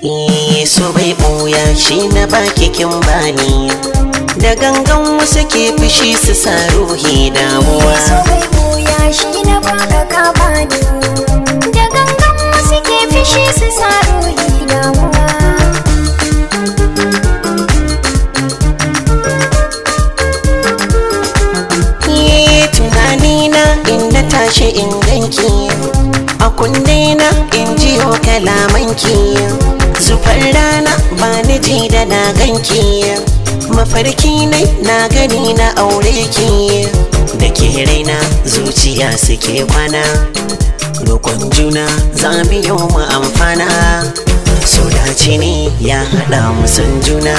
Iso e, bai ɓoya shi na baki ba ne. da gangan wasu ke fushi su sa ruhi damuwa Iso e, bai ɓoya shi na baka ka ne. da gangan wasu ke fushi su sa ruhi damuwa e, tunanina in na tashi in danki. a kunne na in o kalamanki Zufar rana ba ni ji da na ganki mafarki ne na gani na aure ki da ke raina zuciya suke kwana roƙon juna za mu yi mu amfana so dace ne ya haɗa mu juna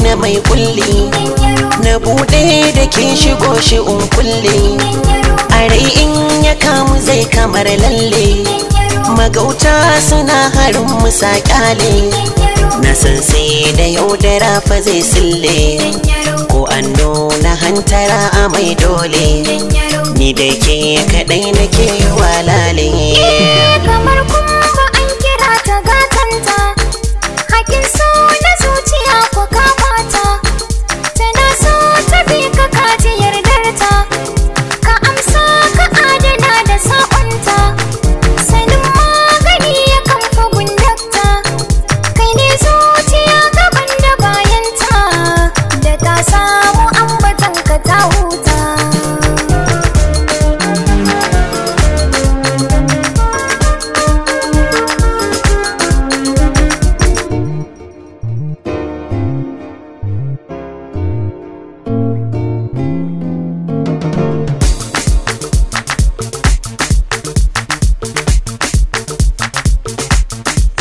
na mai kulli na buɗe da ke shigo shi kulli a rai in ya kamu zai kamar lalle magauta suna harin musa kyale na san sai da yaudara fa zai sille ko an nuna hantara a mai dole ni da ke kadai kaɗai nake walale kamar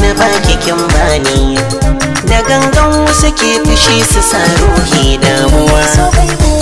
na ba kin bani da gangan wasu ke fushi su sa ke damuwa